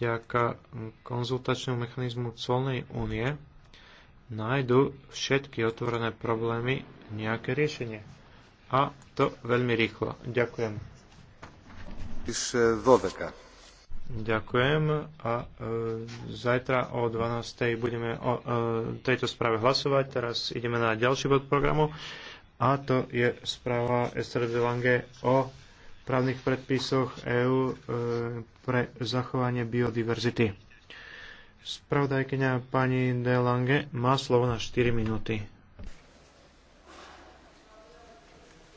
vďaka konzultačnému mechanizmu colnej únie nájdu všetky otvorené problémy nejaké riešenie. A to veľmi rýchlo. Ďakujem. E, Ďakujem a e, zajtra o 12.00 budeme o e, tejto správe hlasovať. Teraz ideme na ďalší bod programu a to je správa Ester Lange o právnych predpisoch EÚ e, pre zachovanie biodiverzity. Spravodajkyňa pani De Lange má slovo na 4 minúty.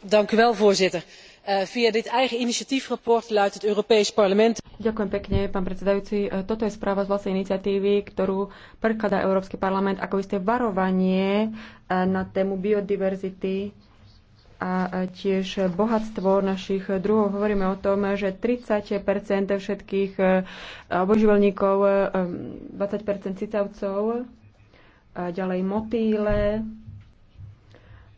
Dank u wel, voorzitter. Eh, via dit eigen initiatiefrapport luidt het Europees Parlement. Ďakujem pekne, pán predsedajúci. Eh, toto je správa z vlastnej iniciatívy, ktorú predkladá Európsky parlament ako isté varovanie eh, na tému biodiverzity a tiež bohatstvo našich druhov. Hovoríme o tom, že 30 všetkých eh, oboživelníkov, 20 eh, cicavcov, ďalej motýle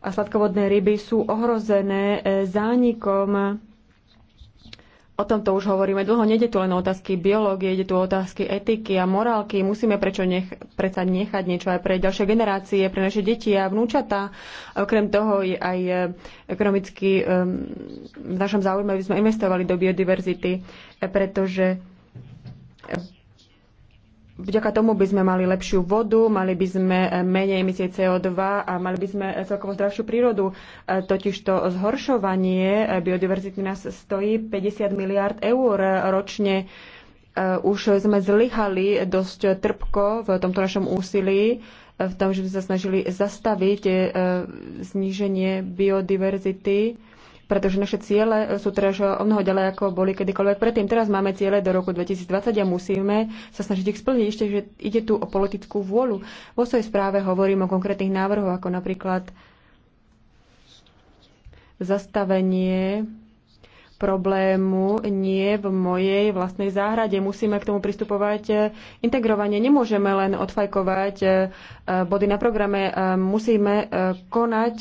a sladkovodné ryby sú ohrozené eh, zánikom O tomto už hovoríme dlho. Nede tu len o otázky biológie, ide tu o otázky etiky a morálky. Musíme prečo nech, predsa nechať niečo aj pre ďalšie generácie, pre naše deti a vnúčata. Okrem toho je aj e, ekonomicky e, v našom záujme, aby sme investovali do biodiverzity, e, pretože Vďaka tomu by sme mali lepšiu vodu, mali by sme eh, menej emisie CO2 a mali by sme eh, celkovo zdravšiu prírodu. Eh, totiž to zhoršovanie biodiverzity nás stojí 50 miliard eur ročne. Už sme zlyhali dosť trpko v tomto našom úsilí, v tom, že sme sa snažili zastaviť zníženie biodiverzity pretože naše ciele sú teraz eh, o mnoho ďalej, ako boli kedykoľvek predtým. Teraz máme ciele do roku 2020 a musíme sa snažiť ich splniť. Ešte, že ide tu o politickú vôľu. Vo svojej správe hovorím o konkrétnych návrhoch, ako napríklad zastavenie problému nie v mojej vlastnej záhrade. Musíme k tomu pristupovať eh, integrovanie. Nemôžeme len odfajkovať eh, body na programe. Musíme konať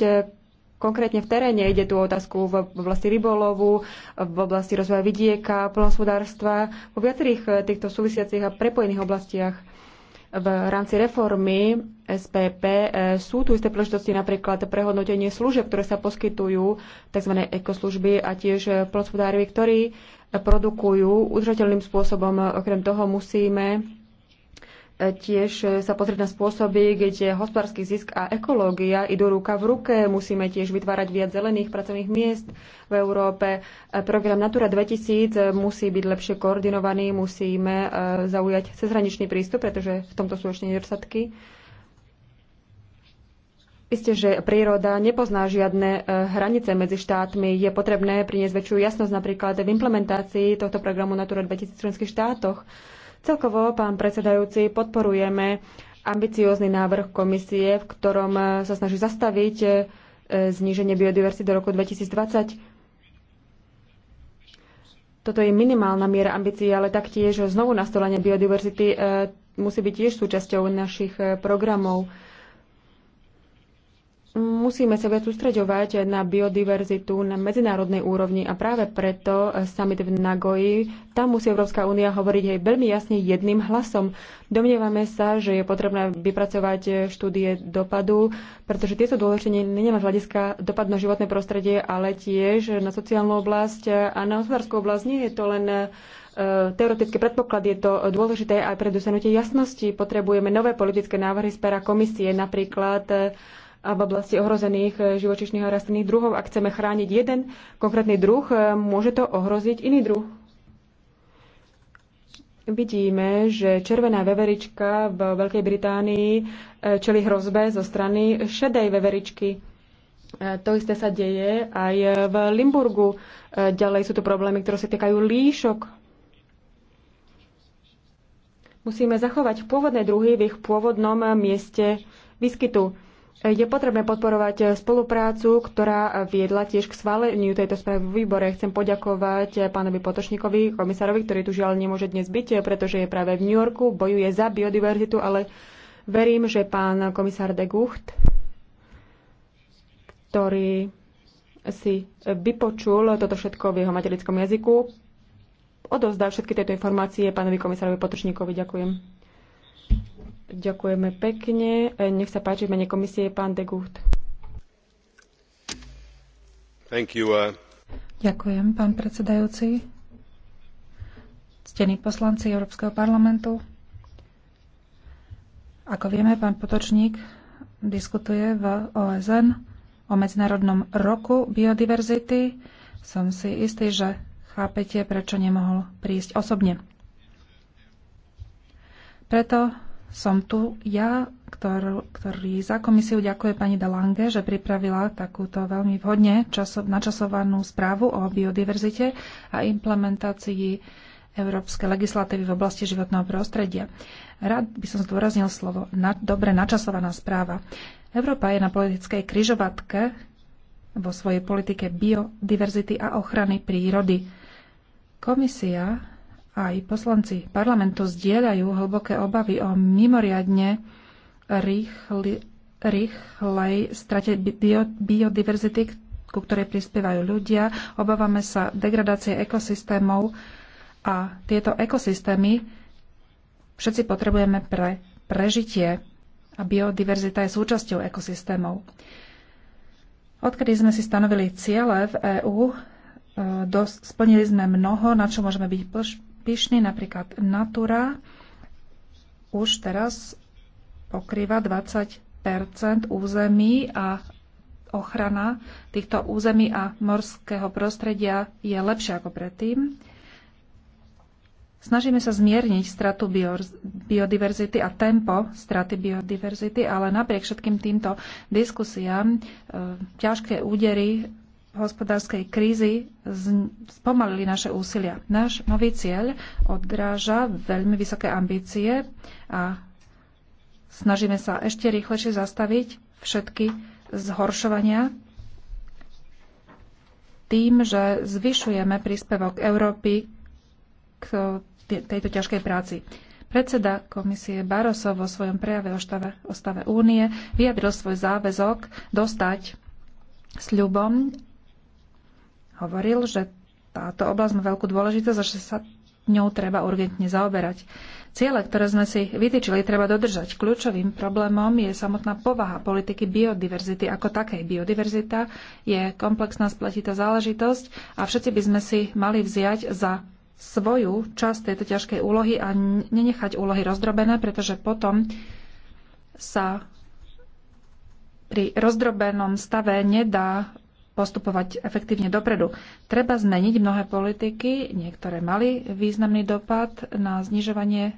konkrétne v teréne. Ide tu o otázku v oblasti rybolovu, v oblasti rozvoja vidieka, plnospodárstva, vo viacerých eh, týchto súvisiacich a prepojených oblastiach. V rámci reformy SPP eh, sú tu isté príležitosti napríklad prehodnotenie služieb, ktoré sa poskytujú, tzv. ekoslužby a tiež eh, plnospodárovi, ktorí produkujú udržateľným spôsobom. Okrem toho musíme tiež sa pozrieť na spôsoby, kde hospodársky zisk a ekológia idú ruka v ruke. Musíme tiež vytvárať viac zelených pracovných miest v Európe. Program Natura 2000 musí byť lepšie koordinovaný, musíme e, zaujať cezhraničný prístup, pretože v tomto sú ešte nedostatky. Isté, že príroda nepozná žiadne e, hranice medzi štátmi. Je potrebné priniesť väčšiu jasnosť napríklad v implementácii tohto programu Natura 2000 v členských štátoch Celkovo, pán predsedajúci, podporujeme ambiciózny návrh komisie, v ktorom eh, sa snaží zastaviť eh, zníženie biodiverzity do roku 2020. Toto je minimálna miera ambícií, ale taktiež znovu nastolenie biodiverzity eh, musí byť tiež súčasťou našich programov. Musíme sa viac sústreďovať na biodiverzitu na medzinárodnej úrovni a práve preto summit v Nagoji, tam musí Európska únia hovoriť aj veľmi jasne jedným hlasom. Domnievame sa, že je potrebné vypracovať štúdie dopadu, pretože tie sú dôležité nielen z hľadiska dopad na životné prostredie, ale tiež na sociálnu oblasť a na hospodárskú oblasť. Nie je to len e, teoretický predpoklad je to dôležité aj pre dosiahnutie jasnosti. Potrebujeme nové politické návrhy z pera komisie, napríklad a v oblasti ohrozených eh, živočišných a rastlinných druhov. Ak chceme chrániť jeden konkrétny druh, eh, môže to ohroziť iný druh. Vidíme, že červená veverička v Veľkej Británii eh, čeli hrozbe zo strany šedej veveričky. To isté sa deje aj v Limburgu. Ďalej sú to problémy, ktoré sa týkajú líšok. Musíme zachovať pôvodné druhy v ich pôvodnom mieste výskytu je potrebné podporovať spoluprácu, ktorá viedla tiež k schváleniu tejto správy v výbore. Chcem poďakovať pánovi Potočníkovi, komisárovi, ktorý tu žiaľ nemôže dnes byť, pretože je práve v New Yorku, bojuje za biodiverzitu, ale verím, že pán komisár de Gucht, ktorý si vypočul toto všetko v jeho materickom jazyku, odozdá všetky tieto informácie pánovi komisárovi Potočníkovi. Ďakujem. Ďakujeme pekne. E, nech sa páči v mene komisie pán de Gucht. Uh... Ďakujem, pán predsedajúci. Ctení poslanci Európskeho parlamentu. Ako vieme, pán Potočník diskutuje v OSN o Medzinárodnom roku biodiverzity. Som si istý, že chápete, prečo nemohol prísť osobne. Preto som tu ja, ktor, ktorý za komisiu ďakuje pani Delange, že pripravila takúto veľmi vhodne časo, načasovanú správu o biodiverzite a implementácii európskej legislatívy v oblasti životného prostredia. Rád by som zdôraznil slovo na, dobre načasovaná správa. Európa je na politickej kryžovatke vo svojej politike biodiverzity a ochrany prírody. Komisia aj poslanci parlamentu zdieľajú hlboké obavy o mimoriadne rýchly, rýchlej strate biodiverzity, ku ktorej prispievajú ľudia. Obávame sa degradácie ekosystémov a tieto ekosystémy všetci potrebujeme pre prežitie a biodiverzita je súčasťou ekosystémov. Odkedy sme si stanovili ciele v EÚ, e, splnili sme mnoho, na čo môžeme byť pyšní. Napríklad Natura už teraz pokrýva 20 území a ochrana týchto území a morského prostredia je lepšia ako predtým. Snažíme sa zmierniť stratu biodiverzity a tempo straty biodiverzity, ale napriek všetkým týmto diskusiám e, ťažké údery hospodárskej krízy spomalili naše úsilia. Náš nový cieľ odráža veľmi vysoké ambície a snažíme sa ešte rýchlejšie zastaviť všetky zhoršovania tým, že zvyšujeme príspevok Európy k tejto ťažkej práci. Predseda komisie Barroso vo svojom prejave o stave, o stave únie vyjadril svoj záväzok dostať sľubom hovoril, že táto oblasť má veľkú dôležitosť a že sa ňou treba urgentne zaoberať. Ciele, ktoré sme si vytýčili, treba dodržať. Kľúčovým problémom je samotná povaha politiky biodiverzity ako takej. Biodiverzita je komplexná spletitá záležitosť a všetci by sme si mali vziať za svoju časť tejto ťažkej úlohy a nenechať úlohy rozdrobené, pretože potom sa pri rozdrobenom stave nedá postupovať efektívne dopredu. Treba zmeniť mnohé politiky, niektoré mali významný dopad na znižovanie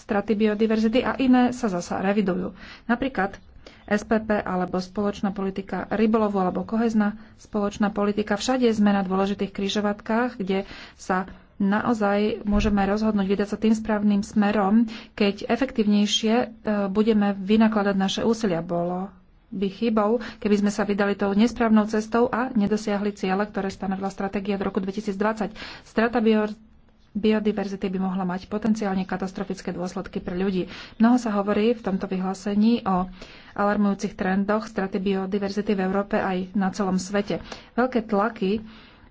straty biodiverzity a iné sa zasa revidujú. Napríklad SPP alebo spoločná politika rybolovu alebo kohezná spoločná politika. Všade sme v dôležitých kryžovatkách, kde sa naozaj môžeme rozhodnúť vydať sa tým správnym smerom, keď efektívnejšie e, budeme vynakladať naše úsilia. Bolo by chybou, keby sme sa vydali tou nesprávnou cestou a nedosiahli ciele, ktoré stanovila stratégia v roku 2020. Strata biodiverzity by mohla mať potenciálne katastrofické dôsledky pre ľudí. Mnoho sa hovorí v tomto vyhlásení o alarmujúcich trendoch straty biodiverzity v Európe aj na celom svete. Veľké tlaky,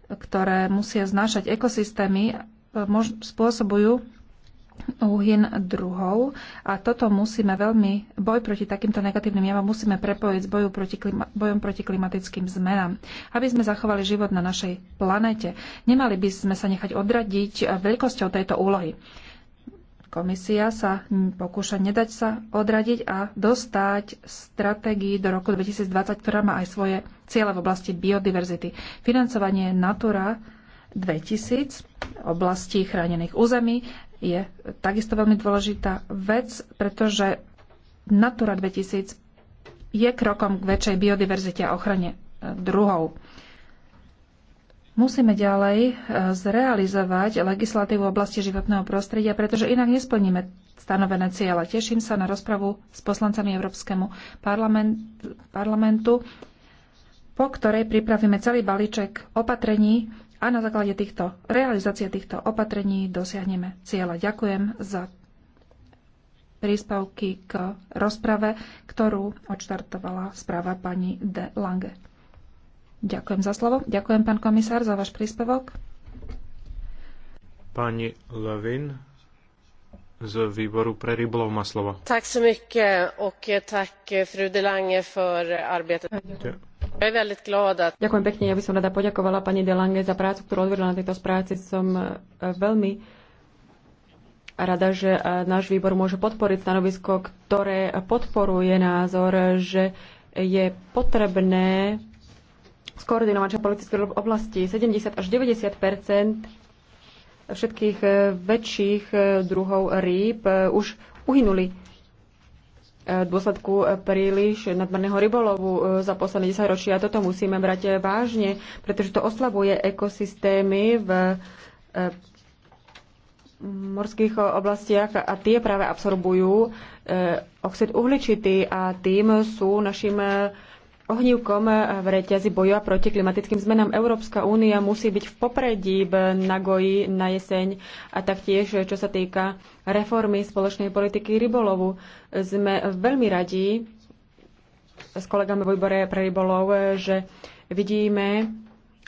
ktoré musia znášať ekosystémy, e, spôsobujú uhyn druhov a toto musíme veľmi, boj proti takýmto negatívnym javom musíme prepojiť s boju proti klima, bojom proti klimatickým zmenám, aby sme zachovali život na našej planete. Nemali by sme sa nechať odradiť veľkosťou tejto úlohy. Komisia sa pokúša nedať sa odradiť a dostať stratégii do roku 2020, ktorá má aj svoje ciele v oblasti biodiverzity. Financovanie Natura 2000 oblasti chránených území je takisto veľmi dôležitá vec, pretože Natura 2000 je krokom k väčšej biodiverzite a ochrane e, druhov. Musíme ďalej e, zrealizovať legislatívu v oblasti životného prostredia, pretože inak nesplníme stanovené ciele. Teším sa na rozpravu s poslancami Európskemu parlamentu, po ktorej pripravíme celý balíček opatrení, a na základe týchto realizácie týchto opatrení dosiahneme cieľa. Ďakujem za príspevky k rozprave, ktorú odštartovala správa pani De Lange. Ďakujem za slovo. Ďakujem, pán komisár, za váš príspevok. Pani Levin z výboru pre rybolov má slovo. Tak så mycket ok, tak, fru De Lange for arbetet. Ďakujem. Ďakujem pekne, ja by som rada poďakovala pani Delange za prácu, ktorú odvedla na tejto práci. Som e, veľmi rada, že e, náš výbor môže podporiť stanovisko, ktoré podporuje názor, že je potrebné skoordinovať politické oblasti. 70 až 90 všetkých e, väčších druhov rýb už uhynuli v dôsledku príliš nadmerného rybolovu e, za posledné 10 ročia. Toto musíme brať vážne, pretože to oslabuje ekosystémy v e, morských oblastiach a tie práve absorbujú e, oxid uhličitý a tým sú našim ohnívkom v reťazi boja proti klimatickým zmenám. Európska únia musí byť v popredí v Nagoji na jeseň a taktiež, čo sa týka reformy spoločnej politiky rybolovu. Sme veľmi radi s kolegami v výbore pre rybolov, že vidíme,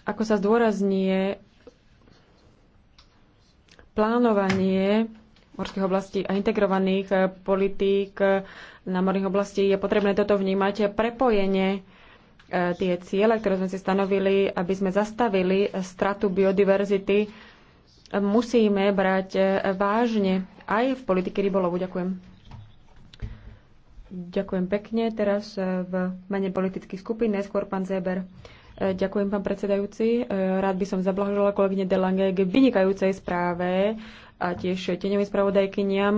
ako sa zdôraznie plánovanie morských oblastí a integrovaných politík na morných oblasti Je potrebné toto vnímať prepojenie e, tie ciele, ktoré sme si stanovili, aby sme zastavili stratu biodiverzity, musíme brať e, vážne aj v politike rybolovu. Ďakujem. Ďakujem pekne. Teraz e, v mene politických skupín, neskôr pán Zeber. Ďakujem, pán predsedajúci. Rád by som zablahožila kolegyne Delange k vynikajúcej správe a tiež spravodajky spravodajkyniam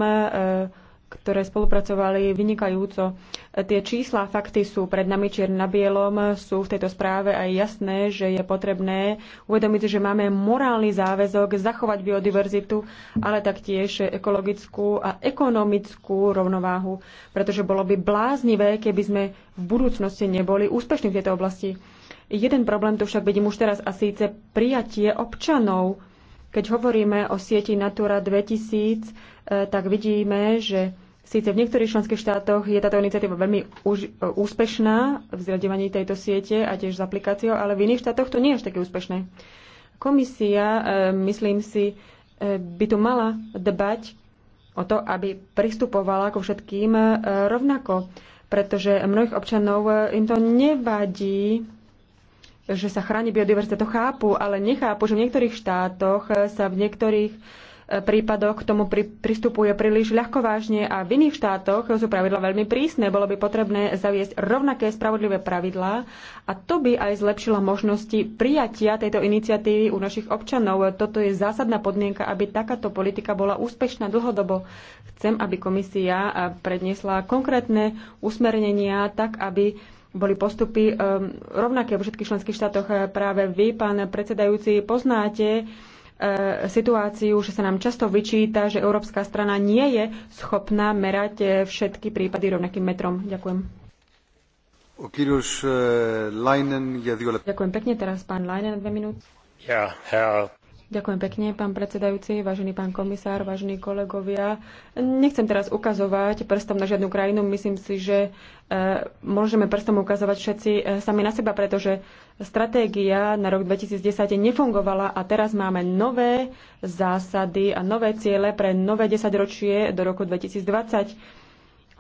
ktoré spolupracovali vynikajúco. Tie čísla, fakty sú pred nami čier na bielom, sú v tejto správe aj jasné, že je potrebné uvedomiť, že máme morálny záväzok zachovať biodiverzitu, ale taktiež ekologickú a ekonomickú rovnováhu, pretože bolo by bláznivé, keby sme v budúcnosti neboli úspešní v tejto oblasti. Jeden problém tu však vidím už teraz a síce prijatie občanov. Keď hovoríme o sieti Natura 2000, eh, tak vidíme, že Síce v niektorých členských štátoch je táto iniciatíva veľmi už, e, úspešná v zriadovaní tejto siete a tiež s aplikáciou, ale v iných štátoch to nie je až také úspešné. Komisia, e, myslím si, e, by tu mala dbať o to, aby pristupovala ku všetkým rovnako, pretože mnohých občanov im to nevadí, že sa chráni biodiverzita, to chápu, ale nechápu, že v niektorých štátoch sa v niektorých E, prípadoch k tomu pri, pristupuje príliš ľahkovážne a v iných štátoch sú pravidla veľmi prísne. Bolo by potrebné zaviesť rovnaké spravodlivé pravidlá a to by aj zlepšilo možnosti prijatia tejto iniciatívy u našich občanov. Toto je zásadná podmienka, aby takáto politika bola úspešná dlhodobo. Chcem, aby komisia e, predniesla konkrétne usmernenia tak, aby boli postupy e, rovnaké vo všetkých členských štátoch. Práve vy, pán predsedajúci, poznáte E, situáciu, že sa nám často vyčíta, že európska strana nie je schopná merať e, všetky prípady rovnakým metrom. Ďakujem. Kýruš, e, Leinen, ja Ďakujem pekne. Teraz pán Leinen, dve minúty. Ja, Ďakujem pekne, pán predsedajúci, vážený pán komisár, vážení kolegovia. Nechcem teraz ukazovať prstom na žiadnu krajinu. Myslím si, že e, môžeme prstom ukazovať všetci e, sami na seba, pretože stratégia na rok 2010 nefungovala a teraz máme nové zásady a nové ciele pre nové desaťročie do roku 2020.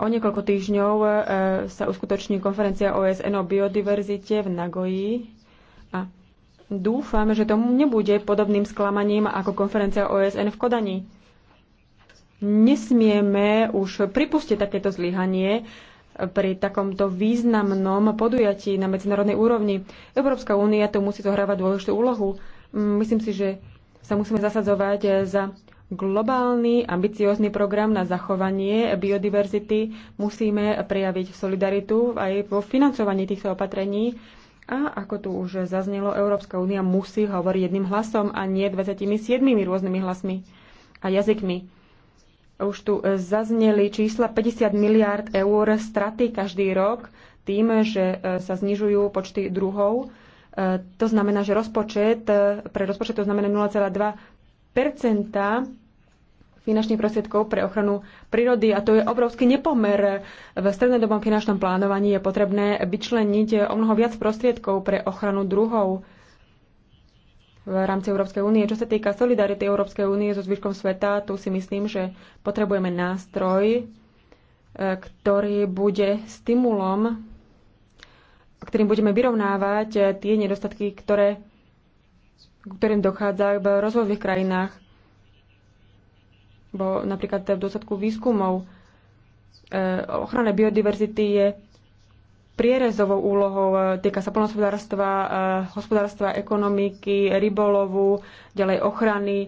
O niekoľko týždňov e, sa uskutoční konferencia OSN o biodiverzite v Nagoji a dúfam, že tomu nebude podobným sklamaním ako konferencia OSN v Kodani. Nesmieme už pripustiť takéto zlyhanie, pri takomto významnom podujatí na medzinárodnej úrovni. Európska únia tu musí zohrávať dôležitú úlohu. Mm, myslím si, že sa musíme zasadzovať za globálny, ambiciózny program na zachovanie biodiverzity. Musíme prejaviť solidaritu aj vo financovaní týchto opatrení. A ako tu už zaznelo, Európska únia musí hovoriť jedným hlasom a nie 27 rôznymi hlasmi a jazykmi už tu zazneli čísla 50 miliárd eur straty každý rok tým, že e, sa znižujú počty druhov. E, to znamená, že rozpočet, e, pre rozpočet to znamená 0,2 finančných prostriedkov pre ochranu prírody a to je obrovský nepomer. V strednodobom finančnom plánovaní je potrebné vyčleniť o mnoho viac prostriedkov pre ochranu druhov v rámci Európskej únie. Čo sa týka solidarity Európskej únie so zvyškom sveta, tu si myslím, že potrebujeme nástroj, e, ktorý bude stimulom, ktorým budeme vyrovnávať e, tie nedostatky, ktoré, ktorým dochádza v rozvojových krajinách. Bo napríklad v dôsledku výskumov e, ochrana biodiverzity je prierezovou úlohou. E, týka sa polnohospodárstva, e, hospodárstva, ekonomiky, rybolovu, ďalej ochrany e,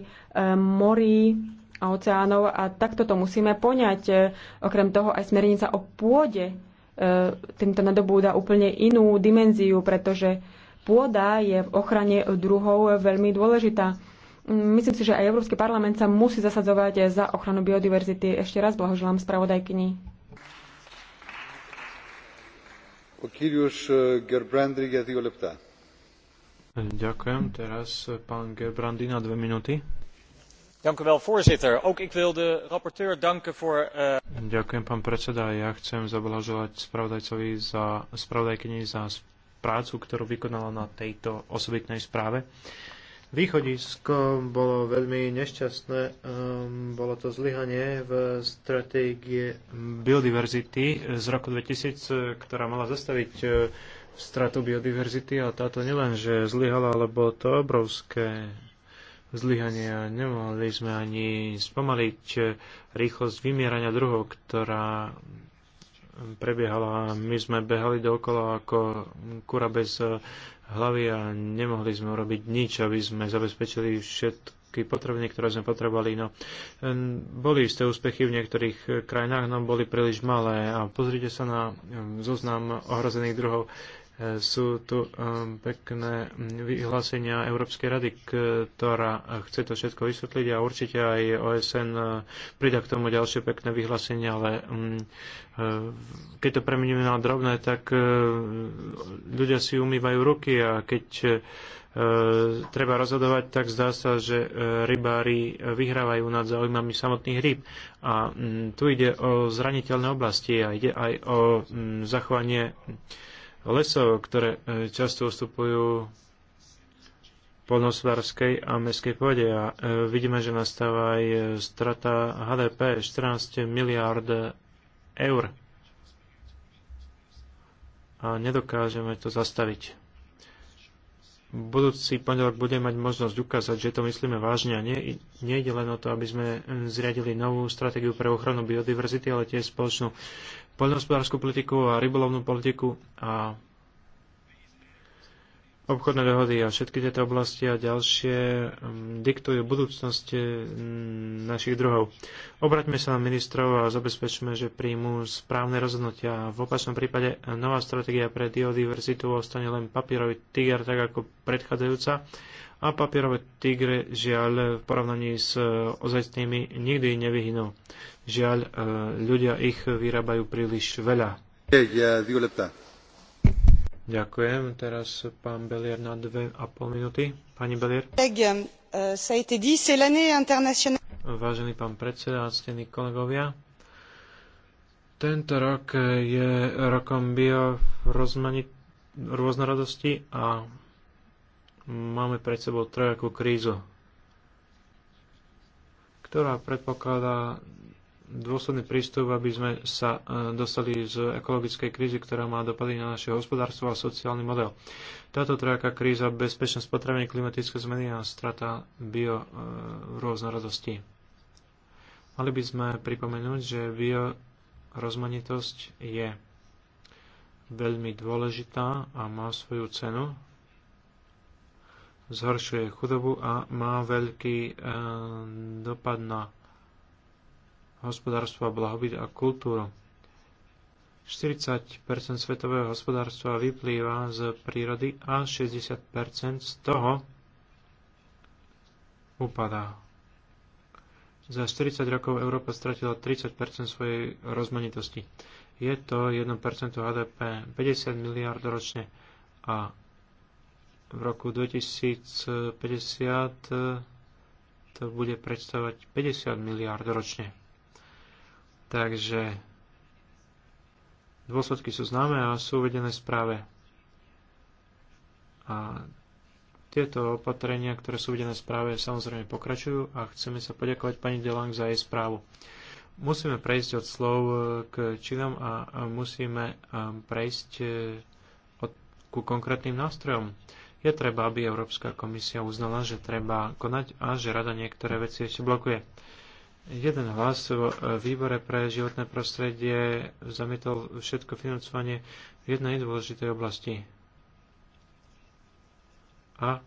morí a oceánov a takto to musíme poňať. Okrem toho aj smernica o pôde týmto nadobúda úplne inú dimenziu, pretože pôda je v ochrane druhov veľmi dôležitá. Myslím si, že aj Európsky parlament sa musí zasadzovať za ochranu biodiverzity. Ešte raz blahoželám spravodajkyni. E, Ďakujem. Teraz e, pán Gerbrandy na dve minúty. voorzitter. Ook ik wil de rapporteur danken voor... E, Ďakujem, pán predseda. Ja chcem zablažovať spravodajcovi za, spravodajkyni za prácu, ktorú vykonala na tejto osobitnej správe. Uh, Východisko bolo veľmi nešťastné, um, bolo to zlyhanie v stratégie biodiverzity z roku 2000, ktorá mala zastaviť uh, stratu biodiverzity a táto nielen, že zlyhala, lebo to obrovské zlyhanie a nemohli sme ani spomaliť uh, rýchlosť vymierania druhov, ktorá prebiehala. My sme behali dookola ako kura bez uh, hlavy a nemohli sme urobiť nič, aby sme zabezpečili všetky potreby, ktoré sme potrebovali. No, boli isté úspechy v niektorých krajinách, no boli príliš malé. A pozrite sa na zoznam ohrozených druhov sú tu um, pekné vyhlásenia Európskej rady, ktorá chce to všetko vysvetliť a určite aj OSN uh, prida k tomu ďalšie pekné vyhlásenia, ale um, uh, keď to premeníme na drobné, tak uh, ľudia si umývajú ruky a keď treba rozhodovať, tak zdá sa, že rybári vyhrávajú nad zaujímami samotných rýb. A um, tu ide o zraniteľné oblasti a ide aj o zachovanie lesov, ktoré e, často ustupujú polnospodárskej a mestskej pôde. A e, vidíme, že nastáva aj e, strata HDP 14 miliard eur. A nedokážeme to zastaviť. Budúci pondelok bude mať možnosť ukázať, že to myslíme vážne a nie, nejde len o to, aby sme zriadili novú stratégiu pre ochranu biodiverzity, ale tiež spoločnú poľnohospodárskú politiku a rybolovnú politiku a obchodné dohody a všetky tieto oblasti a ďalšie mm, diktujú budúcnosť mm, našich druhov. Obraťme sa na ministrov a zabezpečme, že príjmú správne rozhodnutia. V opačnom prípade nová stratégia pre biodiverzitu ostane len papierový tiger, tak ako predchádzajúca a papierové tigre žiaľ v porovnaní s e, ozajstnými nikdy nevyhynú. Žiaľ, e, ľudia ich vyrábajú príliš veľa. Ďakujem. Teraz pán Belier na dve a pol minúty. Pani Belier. Vážený pán predseda, ctení kolegovia, tento rok je rokom bio rôznorodosti a Máme pred sebou trojakú krízu, ktorá predpokladá dôsledný prístup, aby sme sa e, dostali z ekologickej krízy, ktorá má dopady na naše hospodárstvo a sociálny model. Táto trojaká kríza, bezpečnosť potravín, klimatické zmeny a strata bio e, rôznorodosti. Mali by sme pripomenúť, že bio rozmanitosť je veľmi dôležitá a má svoju cenu zhoršuje chudobu a má veľký eh, dopad na hospodárstvo a blahobyt a kultúru. 40 svetového hospodárstva vyplýva z prírody a 60 z toho upadá. Za 40 rokov Európa stratila 30 svojej rozmanitosti. Je to 1 HDP, 50 miliard ročne a v roku 2050 e, to bude predstavovať 50 miliárd ročne. Takže dôsledky sú známe a sú uvedené v správe. A tieto opatrenia, ktoré sú uvedené v správe, samozrejme pokračujú a chceme sa poďakovať pani Delang za jej správu. Musíme prejsť od slov e, k činom a musíme e, prejsť ku konkrétnym nástrojom. Je treba, aby Európska komisia uznala, že treba konať a že rada niektoré veci ešte blokuje. Jeden hlas v e, výbore pre životné prostredie zamietol všetko financovanie v jednej dôležitej oblasti. A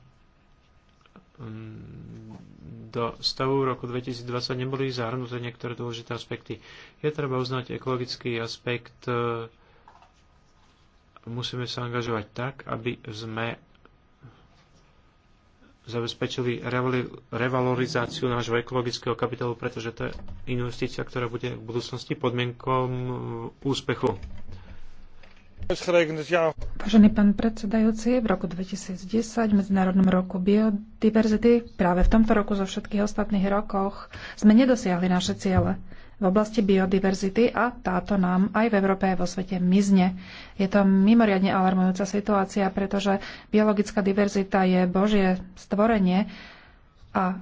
mm, do stavu roku 2020 neboli zahrnuté niektoré dôležité aspekty. Je treba uznať ekologický aspekt, e, musíme sa angažovať tak, aby sme zabezpečili revalorizáciu nášho ekologického kapitálu, pretože to je investícia, ktorá bude v budúcnosti podmienkom e, úspechu. Vážený pán predsedajúci, v roku 2010, v Medzinárodnom roku biodiverzity, práve v tomto roku zo všetkých ostatných rokoch sme nedosiahli naše ciele v oblasti biodiverzity a táto nám aj v Európe aj vo svete mizne. Je to mimoriadne alarmujúca situácia, pretože biologická diverzita je Božie stvorenie a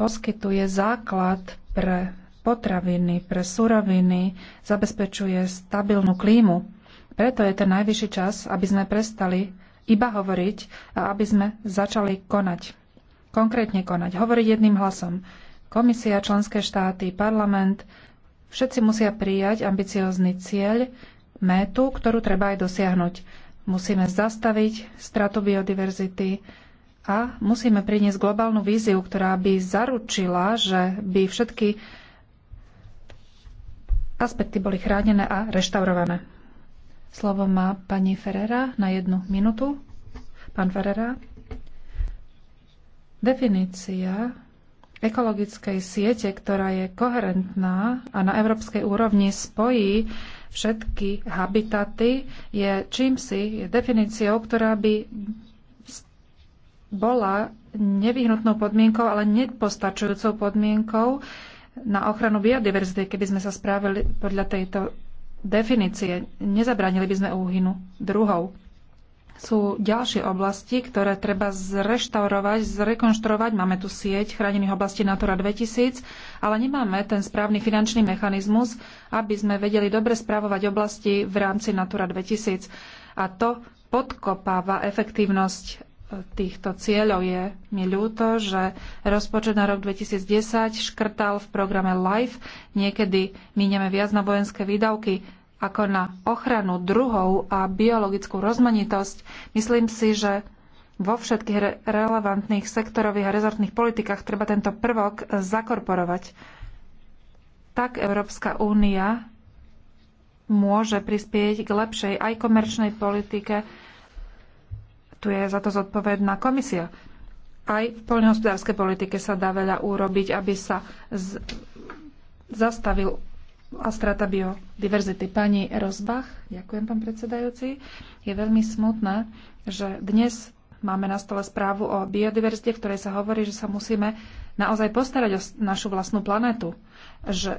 poskytuje základ pre potraviny, pre suroviny, zabezpečuje stabilnú klímu. Preto je ten najvyšší čas, aby sme prestali iba hovoriť a aby sme začali konať. Konkrétne konať, hovoriť jedným hlasom. Komisia, členské štáty, parlament, Všetci musia prijať ambiciózny cieľ, métu, ktorú treba aj dosiahnuť. Musíme zastaviť stratu biodiverzity a musíme priniesť globálnu víziu, ktorá by zaručila, že by všetky aspekty boli chránené a reštaurované. Slovo má pani Ferrera na jednu minútu. Pán Ferrera. Definícia ekologickej siete, ktorá je koherentná a na európskej úrovni spojí všetky habitaty, je čímsi, je definíciou, ktorá by bola nevyhnutnou podmienkou, ale nepostačujúcou podmienkou na ochranu biodiverzity, keby sme sa správili podľa tejto definície. Nezabránili by sme úhynu druhov sú ďalšie oblasti, ktoré treba zreštaurovať, zrekonštruovať. Máme tu sieť chránených oblastí Natura 2000, ale nemáme ten správny finančný mechanizmus, aby sme vedeli dobre správovať oblasti v rámci Natura 2000. A to podkopáva efektívnosť e, týchto cieľov. Je mi ľúto, že rozpočet na rok 2010 škrtal v programe LIFE. Niekedy míňame viac na vojenské výdavky ako na ochranu druhov a biologickú rozmanitosť, myslím si, že vo všetkých re- relevantných sektorových a rezortných politikách treba tento prvok zakorporovať. Tak Európska únia môže prispieť k lepšej aj komerčnej politike. Tu je za to zodpovedná komisia. Aj v poľnohospodárskej politike sa dá veľa urobiť, aby sa zastavil a strata biodiverzity. Pani Rozbach, ďakujem pán predsedajúci, je veľmi smutné, že dnes máme na stole správu o biodiverzite, v ktorej sa hovorí, že sa musíme naozaj postarať o našu vlastnú planetu. Že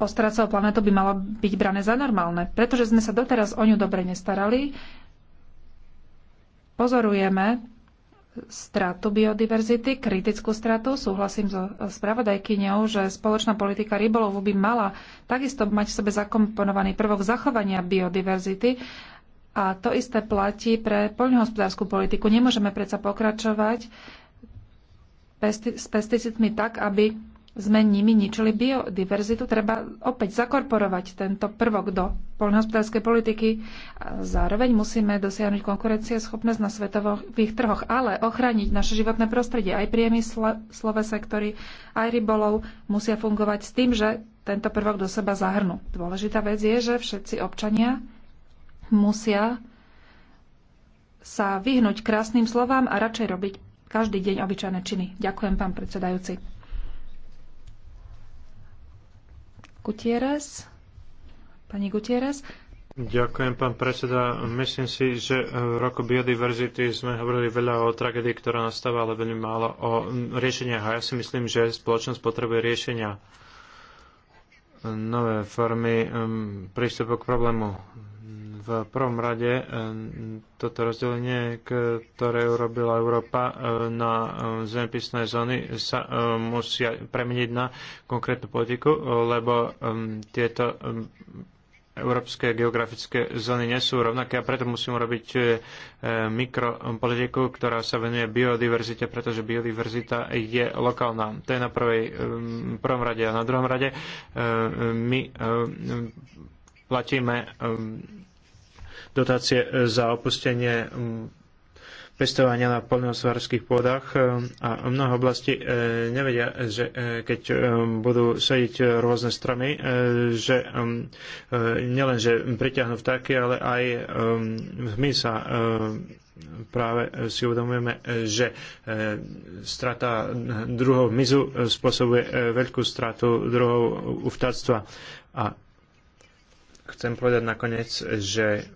postarať sa o planetu by malo byť brané za normálne, pretože sme sa doteraz o ňu dobre nestarali. Pozorujeme stratu biodiverzity, kritickú stratu. Súhlasím so spravodajkyňou, že spoločná politika rybolovu by mala takisto mať v sebe zakomponovaný prvok zachovania biodiverzity a to isté platí pre poľnohospodárskú politiku. Nemôžeme predsa pokračovať s pesticidmi tak, aby sme nimi ničili biodiverzitu, treba opäť zakorporovať tento prvok do poľnohospodárskej politiky. Zároveň musíme dosiahnuť konkurencieschopnosť na svetových trhoch, ale ochrániť naše životné prostredie. Aj priemyslové sektory, aj rybolov musia fungovať s tým, že tento prvok do seba zahrnú. Dôležitá vec je, že všetci občania musia sa vyhnúť krásnym slovám a radšej robiť každý deň obyčajné činy. Ďakujem, pán predsedajúci. Gutierrez. Pani Gutierrez. Ďakujem, pán predseda. Myslím si, že v roku biodiverzity sme hovorili veľa o tragédii, ktorá nastáva, ale veľmi málo o riešeniach. A ja si myslím, že spoločnosť potrebuje riešenia nové formy mm, prístupu k problému v prvom rade e, toto rozdelenie, ktoré urobila Európa e, na e, zemepisné zóny, sa musia premeniť na konkrétnu politiku, lebo tieto európske geografické zóny nie sú rovnaké a preto musíme robiť mikropolitiku, ktorá sa venuje biodiverzite, pretože biodiverzita je lokálna. To je na prvej, prvom rade a na druhom rade my platíme dotácie e, za opustenie pestovania na poľnohospodárských pôdach e, a mnohé oblasti e, nevedia, že keď budú sediť rôzne stromy, že nielen, že priťahnú vtáky, ale aj my sa práve si uvedomujeme, že strata druhov mizu spôsobuje veľkú stratu druhov u vtáctva. A chcem povedať nakoniec, že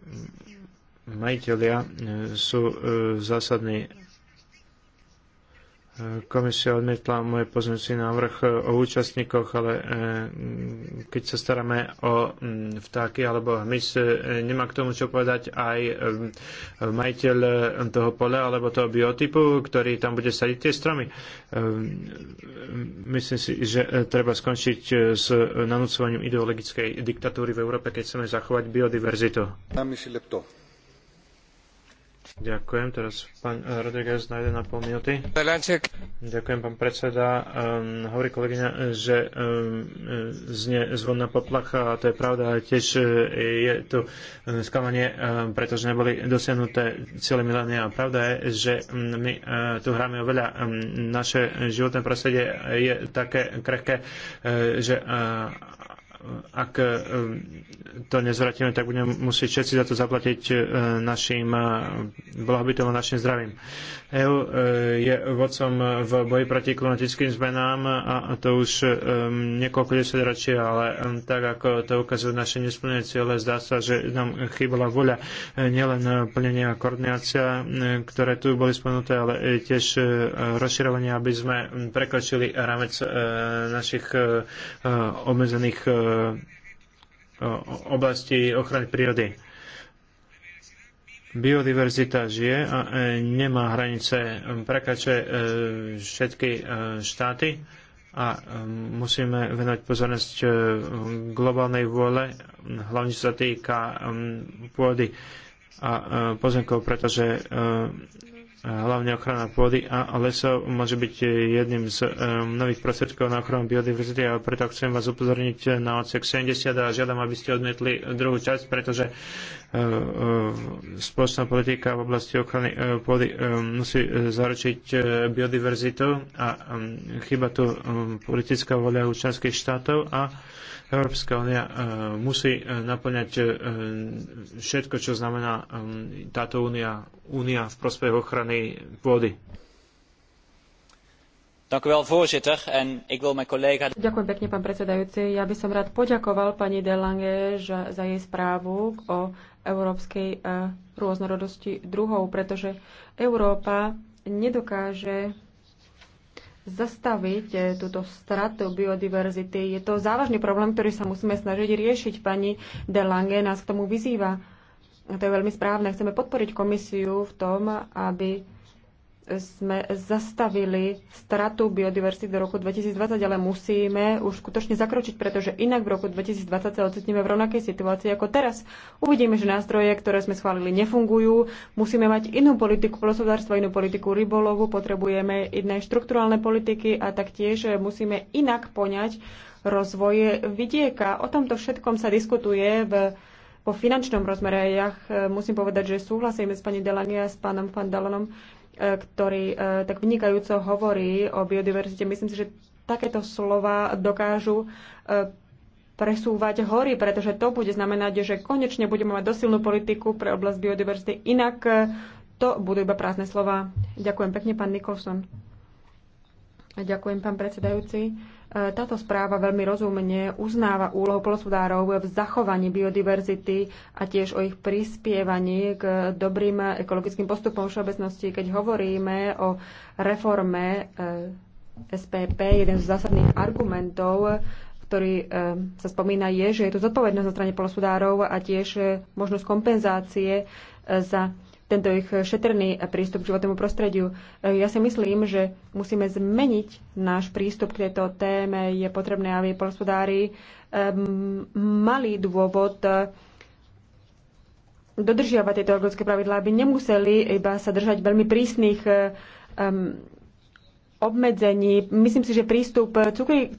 majiteľia eh, sú eh, zásadní Komisia odmietla môj pozmeňujúci návrh o účastníkoch, ale eh, keď sa staráme o mm, vtáky alebo hmyz, eh, nemá k tomu čo povedať aj eh, majiteľ toho poľa alebo toho biotypu, ktorý tam bude sadiť tie stromy. Myslím si, že treba skončiť s nanúcovaním ideologickej diktatúry v Európe, keď chceme zachovať biodiverzitu. Ďakujem. Teraz pán eh, Rodriguez na 1,5 minúty. Ďakujem, pán predseda. Um, hovorí kolegyňa, že um, znie zvon na poplach a to je pravda. ale tiež eh, je tu sklamanie, um, pretože neboli dosiahnuté cieľe milénia. Pravda je, že my uh, tu hráme oveľa. Um, naše životné prostredie je také krehké, uh, že uh, ak e, to nezvratíme, tak budeme musieť všetci za to zaplatiť e, našim e, blahobytom a našim zdravím. EU je vodcom v boji proti klimatickým zmenám a to už niekoľko ročí, ale tak ako to ukazuje naše nesplnené cieľe, zdá sa, že nám chýbala voľa nielen plnenie a koordinácia, ktoré tu boli spomenuté, ale tiež rozširovanie, aby sme prekročili rámec našich obmedzených E, oblasti ochrany prírody. Biodiverzita žije a e, nemá hranice, prekračuje e, všetky štáty a musíme venovať pozornosť globálnej vôle, hlavne sa týka pôdy a pozemkov, pretože hlavne ochrana pôdy a lesov môže byť jedným z e, nových prostriedkov na ochranu biodiverzity a preto chcem vás upozorniť na odsek 70 a žiadam, aby ste odmietli druhú časť, pretože e, e, spoločná politika v oblasti ochrany pôdy musí zaručiť biodiverzitu a chyba tu politická voľa členských štátov a Európska únia e, musí e, naplňať e, všetko, čo znamená táto únia, únia v prospech ochrany pôdy. Ďakujem pekne, pán predsedajúci. Ja by som rád poďakoval pani Delange za jej správu o európskej rôznorodosti druhov, pretože Európa nedokáže zastaviť eh, túto stratu biodiverzity. Je to závažný problém, ktorý sa musíme snažiť riešiť. Pani De Lange nás k tomu vyzýva. A to je veľmi správne. Chceme podporiť komisiu v tom, aby sme zastavili stratu biodiverzity do roku 2020, ale musíme už skutočne zakročiť, pretože inak v roku 2020 sa ocitneme v rovnakej situácii ako teraz. Uvidíme, že nástroje, ktoré sme schválili, nefungujú. Musíme mať inú politiku polospodárstva, inú politiku rybolovu, potrebujeme iné štrukturálne politiky a taktiež musíme inak poňať rozvoj vidieka. O tomto všetkom sa diskutuje v po finančnom rozmere. Ja musím povedať, že súhlasíme s pani Delania a s pánom Fandalonom, ktorý e, tak vynikajúco hovorí o biodiverzite. Myslím si, že takéto slova dokážu e, presúvať hory, pretože to bude znamenať, že konečne budeme mať dosilnú politiku pre oblasť biodiverzity. Inak e, to budú iba prázdne slova. Ďakujem pekne, pán Nikolson. Ďakujem, pán predsedajúci. Táto správa veľmi rozumne uznáva úlohu polospodárov v zachovaní biodiverzity a tiež o ich prispievaní k dobrým ekologickým postupom všeobecnosti. Keď hovoríme o reforme eh, SPP, jeden z zásadných argumentov, ktorý eh, sa spomína, je, že je tu zodpovednosť na strane polospodárov a tiež eh, možnosť kompenzácie za tento ich šetrný prístup k životnému prostrediu. E, ja si myslím, že musíme zmeniť náš prístup k tejto téme. Je potrebné, aby polospodári e, mali dôvod e, dodržiavať tieto ekologické pravidlá, aby nemuseli iba sa držať veľmi prísnych obmedzení. Myslím si, že prístup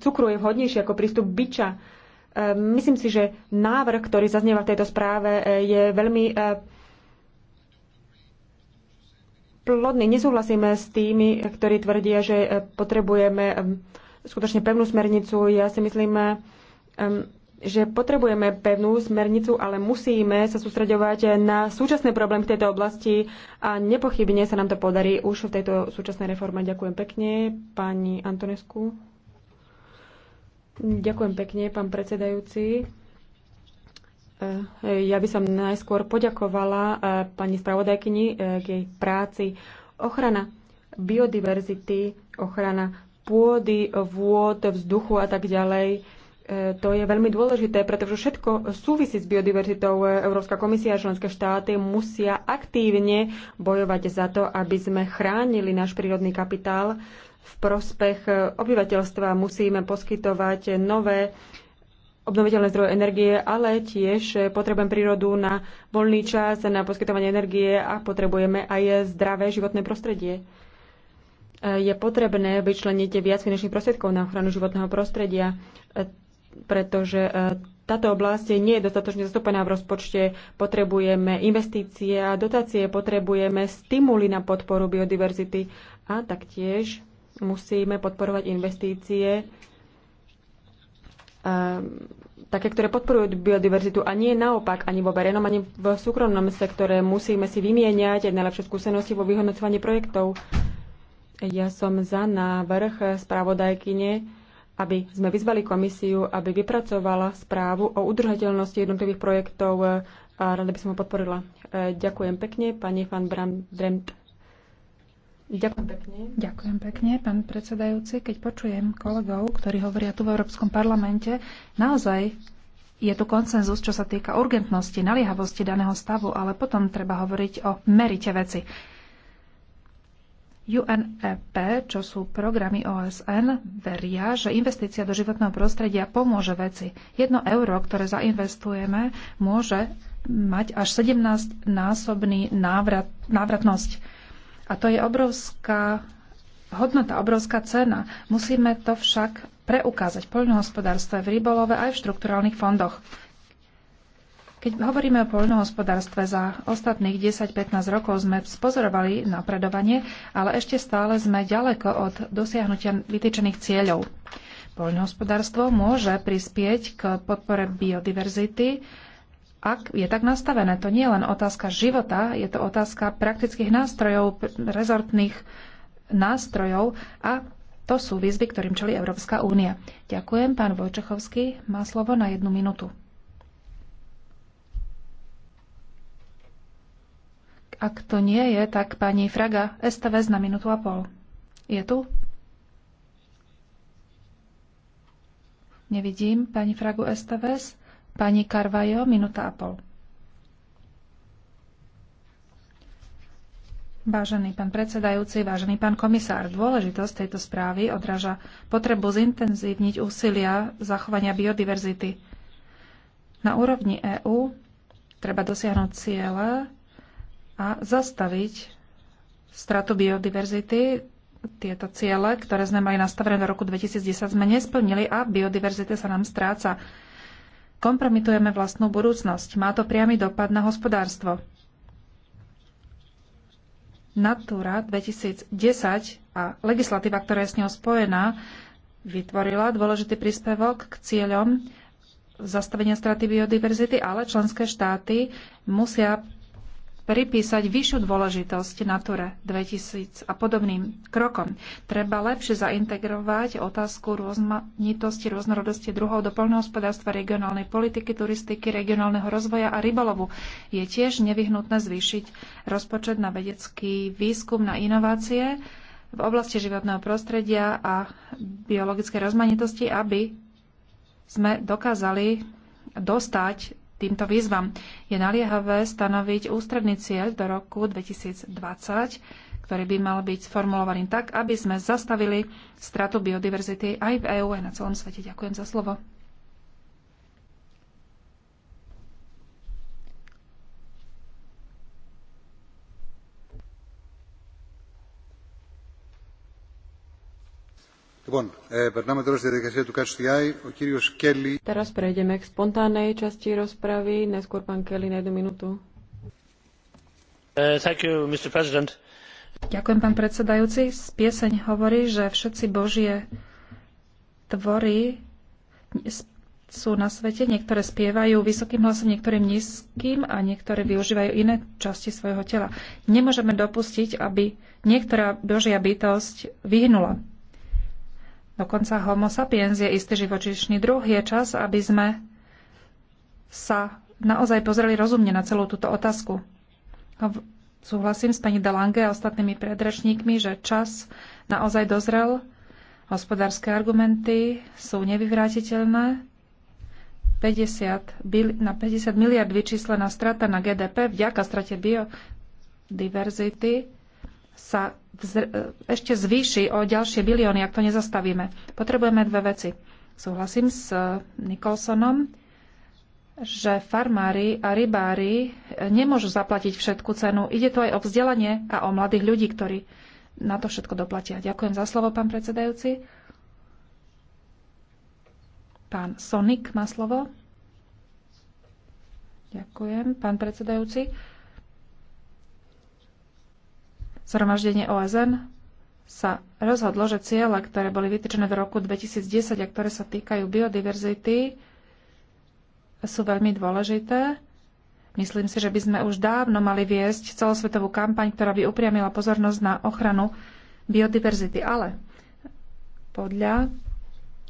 cukru je vhodnejší ako prístup byča. Myslím si, že návrh, ktorý zaznieva v tejto správe, je veľmi plodný. Nesúhlasíme s tými, ktorí tvrdia, že eh, potrebujeme eh, skutočne pevnú smernicu. Ja si myslím, eh, že potrebujeme pevnú smernicu, ale musíme sa sústreďovať na súčasný problém v tejto oblasti a nepochybne sa nám to podarí už v tejto súčasnej reforme. Ďakujem pekne, pani Antonesku. Ďakujem pekne, pán predsedajúci. Eh, ja by som najskôr poďakovala eh, pani spravodajkyni eh, k jej práci. Ochrana biodiverzity, ochrana pôdy, vôd, vzduchu a tak ďalej. To je veľmi dôležité, pretože všetko súvisí s biodiverzitou. Európska komisia a členské štáty musia aktívne bojovať za to, aby sme chránili náš prírodný kapitál v prospech obyvateľstva. Musíme poskytovať nové obnoviteľné zdroje energie, ale tiež potrebujem prírodu na voľný čas, na poskytovanie energie a potrebujeme aj zdravé životné prostredie. Je potrebné vyčleniť viac finančných prostriedkov na ochranu životného prostredia, pretože e, táto oblasť nie je dostatočne zastúpená v rozpočte. Potrebujeme investície a dotácie, potrebujeme stimuly na podporu biodiverzity a taktiež musíme podporovať investície Ehm, také, ktoré podporujú biodiverzitu a nie naopak ani vo verejnom, ani v súkromnom sektore. Musíme si vymieňať aj najlepšie skúsenosti vo vyhodnocovaní projektov. Ja som za návrh správodajkyne, aby sme vyzvali komisiu, aby vypracovala správu o udržateľnosti jednotlivých projektov a rada by som ho podporila. Ehm, ďakujem pekne, pani Van Brandt. Ďakujem pekne. Ďakujem pekne, pán predsedajúci. Keď počujem kolegov, ktorí hovoria tu v Európskom parlamente, naozaj je tu konsenzus, čo sa týka urgentnosti, naliehavosti daného stavu, ale potom treba hovoriť o merite veci. UNEP, čo sú programy OSN, veria, že investícia do životného prostredia pomôže veci. Jedno euro, ktoré zainvestujeme, môže mať až 17-násobný návrat, návratnosť a to je obrovská hodnota, obrovská cena. Musíme to však preukázať v poľnohospodárstve, v rybolove aj v štrukturálnych fondoch. Keď hovoríme o poľnohospodárstve, za ostatných 10-15 rokov sme spozorovali napredovanie, ale ešte stále sme ďaleko od dosiahnutia vytýčených cieľov. Poľnohospodárstvo môže prispieť k podpore biodiverzity, ak je tak nastavené, to nie je len otázka života, je to otázka praktických nástrojov, rezortných nástrojov a to sú výzvy, ktorým čeli Európska únia. Ďakujem. Pán Vojčechovský má slovo na jednu minútu. Ak to nie je, tak pani Fraga, STVS na minútu a pol. Je tu? Nevidím pani Fragu STVS. Pani Karvajo, minúta a pol. Vážený pán predsedajúci, vážený pán komisár, dôležitosť tejto správy odráža potrebu zintenzívniť úsilia zachovania biodiverzity. Na úrovni EÚ treba dosiahnuť ciele a zastaviť stratu biodiverzity. Tieto ciele, ktoré sme mali nastavené do roku 2010, sme nesplnili a biodiverzita sa nám stráca kompromitujeme vlastnú budúcnosť. Má to priamy dopad na hospodárstvo. Natura 2010 a legislatíva, ktorá je s ňou spojená, vytvorila dôležitý príspevok k cieľom zastavenia straty biodiverzity, ale členské štáty musia pripísať vyššiu dôležitosť Nature 2000 a podobným krokom. Treba lepšie zaintegrovať otázku rôznitosti, rôznorodosti druhov do poľnohospodárstva, regionálnej politiky, turistiky, regionálneho rozvoja a rybolovu. Je tiež nevyhnutné zvýšiť rozpočet na vedecký výskum, na inovácie v oblasti životného prostredia a biologickej rozmanitosti, aby sme dokázali dostať týmto výzvam. Je naliehavé stanoviť ústredný cieľ do roku 2020, ktorý by mal byť sformulovaný tak, aby sme zastavili stratu biodiverzity aj v EÚ, aj na celom svete. Ďakujem za slovo. Teraz prejdeme k spontánnej časti rozpravy. Najskôr pán Kelly na jednu minútu. Eh, Ďakujem, pán predsedajúci. Pieseň hovorí, že všetci Božie tvory sú na svete. Niektoré spievajú vysokým hlasom, niektorým nízkym a niektoré využívajú iné časti svojho tela. Nemôžeme dopustiť, aby niektorá Božia bytosť vyhnula Dokonca homo sapiens je istý živočíšny druh. Je čas, aby sme sa naozaj pozreli rozumne na celú túto otázku. No, súhlasím s pani Delange a ostatnými predrečníkmi, že čas naozaj dozrel. Hospodárske argumenty sú nevyvrátiteľné. 50, na 50 miliard vyčíslená strata na GDP vďaka strate biodiverzity sa ešte zvýši o ďalšie bilióny, ak to nezastavíme. Potrebujeme dve veci. Súhlasím s eh, Nikolsonom, že farmári a rybári eh, nemôžu zaplatiť všetku cenu. Ide to aj o vzdelanie a o mladých ľudí, ktorí na to všetko doplatia. Ďakujem za slovo, pán predsedajúci. Pán Sonik má slovo. Ďakujem, pán predsedajúci. Zhromaždenie OSN sa rozhodlo, že ciele, ktoré boli vytýčené v roku 2010 a ktoré sa týkajú biodiverzity, sú veľmi dôležité. Myslím si, že by sme už dávno mali viesť celosvetovú kampaň, ktorá by upriamila pozornosť na ochranu biodiverzity. Ale podľa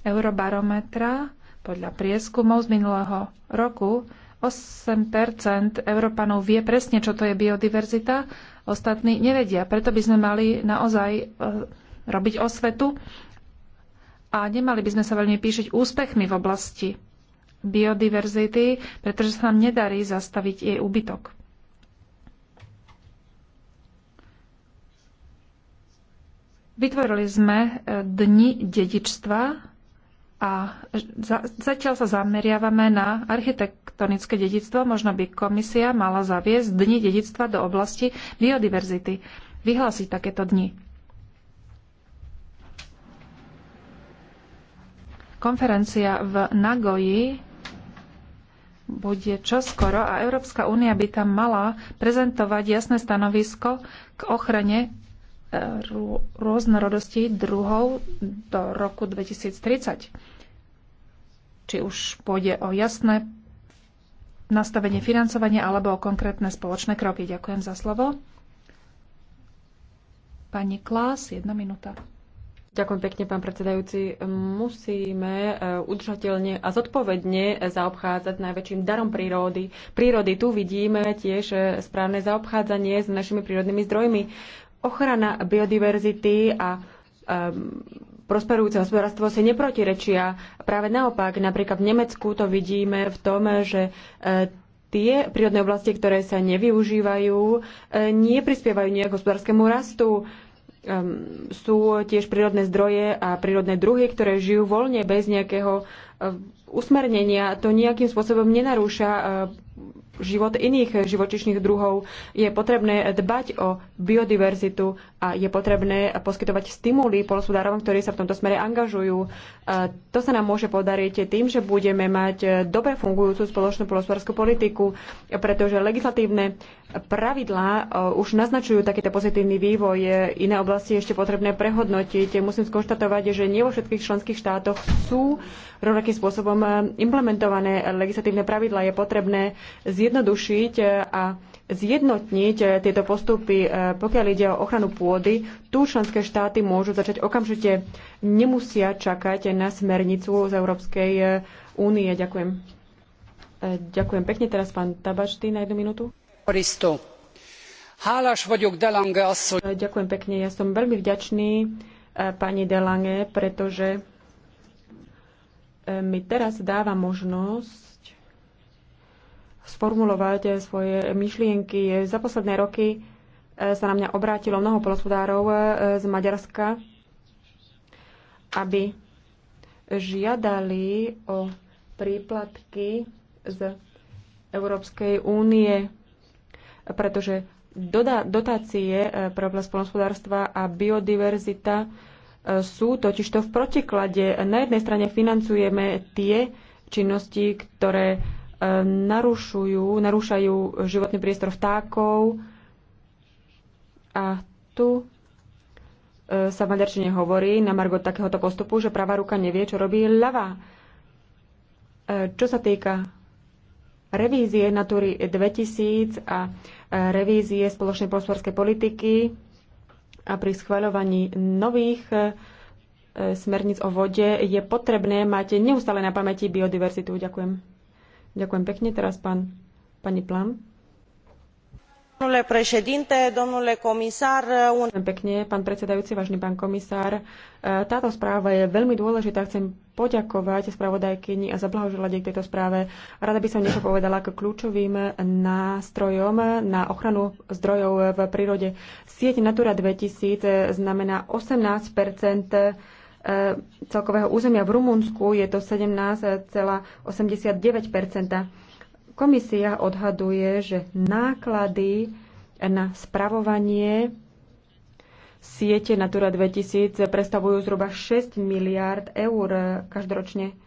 Eurobarometra, podľa prieskumov z minulého roku, 8 Európanov vie presne, čo to je biodiverzita, ostatní nevedia. Preto by sme mali naozaj e, robiť osvetu a nemali by sme sa veľmi píšiť úspechmi v oblasti biodiverzity, pretože sa nám nedarí zastaviť jej úbytok. Vytvorili sme e, dni dedičstva a za, zatiaľ sa zameriavame na architektonické dedictvo. Možno by komisia mala zaviesť dni dedictva do oblasti biodiverzity. Vyhlásiť takéto dni. Konferencia v Nagoji bude čoskoro a Európska únia by tam mala prezentovať jasné stanovisko k ochrane rôznorodosti druhov do roku 2030. Či už pôjde o jasné nastavenie financovania alebo o konkrétne spoločné kroky. Ďakujem za slovo. Pani Klás, jedna minúta. Ďakujem pekne, pán predsedajúci. Musíme e, udržateľne a zodpovedne zaobchádzať najväčším darom prírody. Prírody tu vidíme tiež e, správne zaobchádzanie s našimi prírodnými zdrojmi. Ochrana biodiverzity a um, prosperujúce hospodárstvo si neprotirečia. Práve naopak, napríklad v Nemecku to vidíme v tom, že e, tie prírodné oblasti, ktoré sa nevyužívajú, e, neprispievajú nejak hospodárskému rastu. sú tiež prírodné zdroje a prírodné druhy, ktoré žijú voľne bez nejakého e, usmernenia. To nejakým spôsobom nenarúša život iných živočišných druhov. Je potrebné dbať o biodiverzitu a je potrebné poskytovať stimuly polospodárom, ktorí sa v tomto smere angažujú. E, to sa nám môže podariť tým, že budeme mať dobre fungujúcu spoločnú polospodárskú politiku, pretože legislatívne pravidlá e, už naznačujú takýto pozitívny vývoj. E, iné oblasti ešte potrebné prehodnotiť. Musím skonštatovať, že nie vo všetkých členských štátoch sú rovnakým spôsobom implementované legislatívne pravidlá. Je potrebné zjednodušiť zjednodušiť e, a zjednotniť e, tieto postupy, e, pokiaľ ide o ochranu pôdy, tu členské štáty môžu začať okamžite, nemusia čakať na smernicu z Európskej únie. Ďakujem. Ďakujem pekne. Teraz pán Tabačty na jednu minútu. Ďakujem pekne. Ja som veľmi vďačný pani Delange, pretože mi teraz dáva možnosť sformulovať svoje myšlienky. Za posledné roky e, sa na mňa obrátilo mnoho polospodárov e, z Maďarska, aby žiadali o príplatky z Európskej únie, pretože dotácie e, pre oblasť polnospodárstva a biodiverzita sú totižto v protiklade. Na jednej strane financujeme tie činnosti, ktoré narušujú, narúšajú životný priestor vtákov a tu e, sa v maďarčine hovorí na margo takéhoto postupu, že pravá ruka nevie, čo robí ľavá. E, čo sa týka revízie Natúry 2000 a e, revízie spoločnej prosporskej politiky a pri schvaľovaní nových smerníc o vode je potrebné mať neustále na pamäti biodiverzitu. Ďakujem. Ďakujem pekne. Teraz pán, pani Plam. Domnule președinte, domnule comisar... Un... Pekne, pán predsedajúci, vážny pán komisár. E, táto správa je veľmi dôležitá. Chcem poďakovať spravodajkyni a zablahoželať k tejto správe. Rada by som niečo povedala k kľúčovým nástrojom na ochranu zdrojov v prírode. Sieť Natura 2000 e, znamená 18 E, celkového územia v Rumunsku je to 17,89 Komisia odhaduje, že náklady na spravovanie siete Natura 2000 predstavujú zhruba 6 miliard eur každoročne.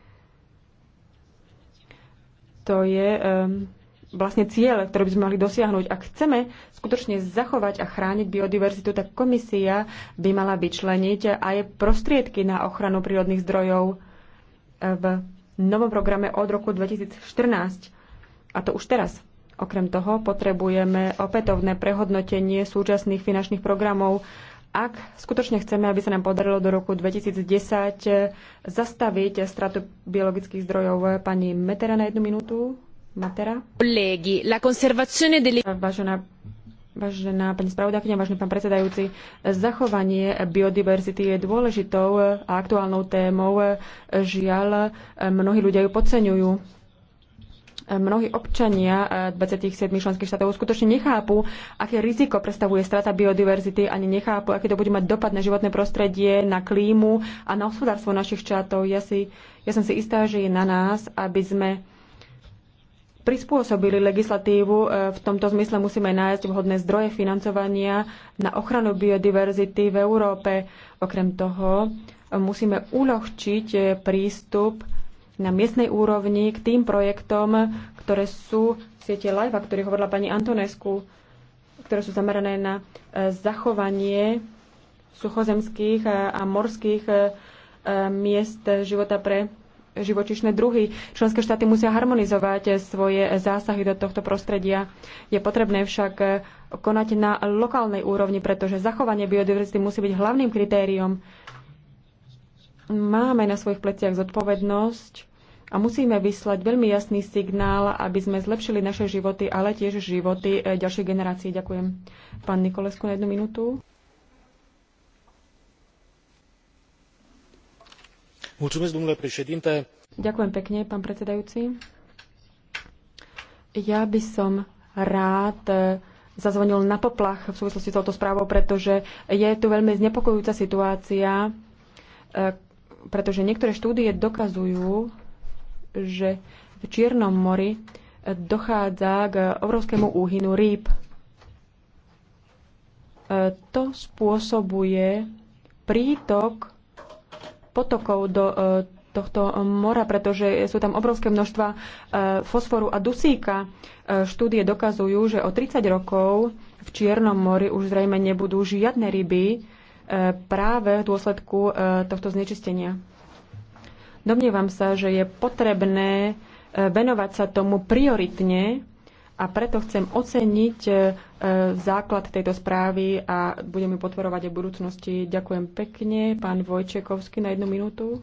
To je um, vlastne ciele, ktoré by sme mohli dosiahnuť. Ak chceme skutočne zachovať a chrániť biodiverzitu, tak komisia by mala vyčleniť aj prostriedky na ochranu prírodných zdrojov e, v novom programe od roku 2014. A to už teraz. Okrem toho potrebujeme opätovné prehodnotenie súčasných finančných programov, ak skutočne chceme, aby sa nám podarilo do roku 2010 e, zastaviť stratu biologických zdrojov. Pani Metera na jednu minútu. Matera. la conservazione delle... Vážená Vážená pani spravodajkynia, vážený pán predsedajúci, zachovanie biodiverzity je dôležitou a aktuálnou témou. Žiaľ, mnohí ľudia ju podceňujú. Mnohí občania 27 eh, členských štátov skutočne nechápu, aké riziko predstavuje strata biodiverzity, ani nechápu, aké to bude mať dopad na životné prostredie, na klímu a na hospodárstvo našich štátov. Ja, si, ja som si istá, že je na nás, aby sme prispôsobili legislatívu. E, v tomto zmysle musíme nájsť vhodné zdroje financovania na ochranu biodiverzity v Európe. Okrem toho e, musíme uľahčiť e, prístup na miestnej úrovni k tým projektom, ktoré sú v siete live, o ktorých hovorila pani Antonesku, ktoré sú zamerané na zachovanie suchozemských a morských miest života pre živočišné druhy. Členské štáty musia harmonizovať svoje zásahy do tohto prostredia. Je potrebné však konať na lokálnej úrovni, pretože zachovanie biodiverzity musí byť hlavným kritériom. Máme na svojich pleciach zodpovednosť a musíme vyslať veľmi jasný signál, aby sme zlepšili naše životy, ale tiež životy ďalších generácií. Ďakujem. Pán Nikolesku na jednu minútu. Ďakujem pekne, pán predsedajúci. Ja by som rád e, zazvonil na poplach v súvislosti s touto správou, pretože je tu veľmi znepokojujúca situácia, e, pretože niektoré štúdie dokazujú, že v Čiernom mori e, dochádza k obrovskému úhynu rýb. To spôsobuje prítok potokov do e, tohto mora, pretože sú tam obrovské množstva e, fosforu a dusíka. E, štúdie dokazujú, že o 30 rokov v Čiernom mori už zrejme nebudú žiadne ryby práve v dôsledku tohto znečistenia. Domnievam sa, že je potrebné venovať sa tomu prioritne a preto chcem oceniť základ tejto správy a budeme potvorovať aj v budúcnosti. Ďakujem pekne. Pán Vojčekovský na jednu minútu.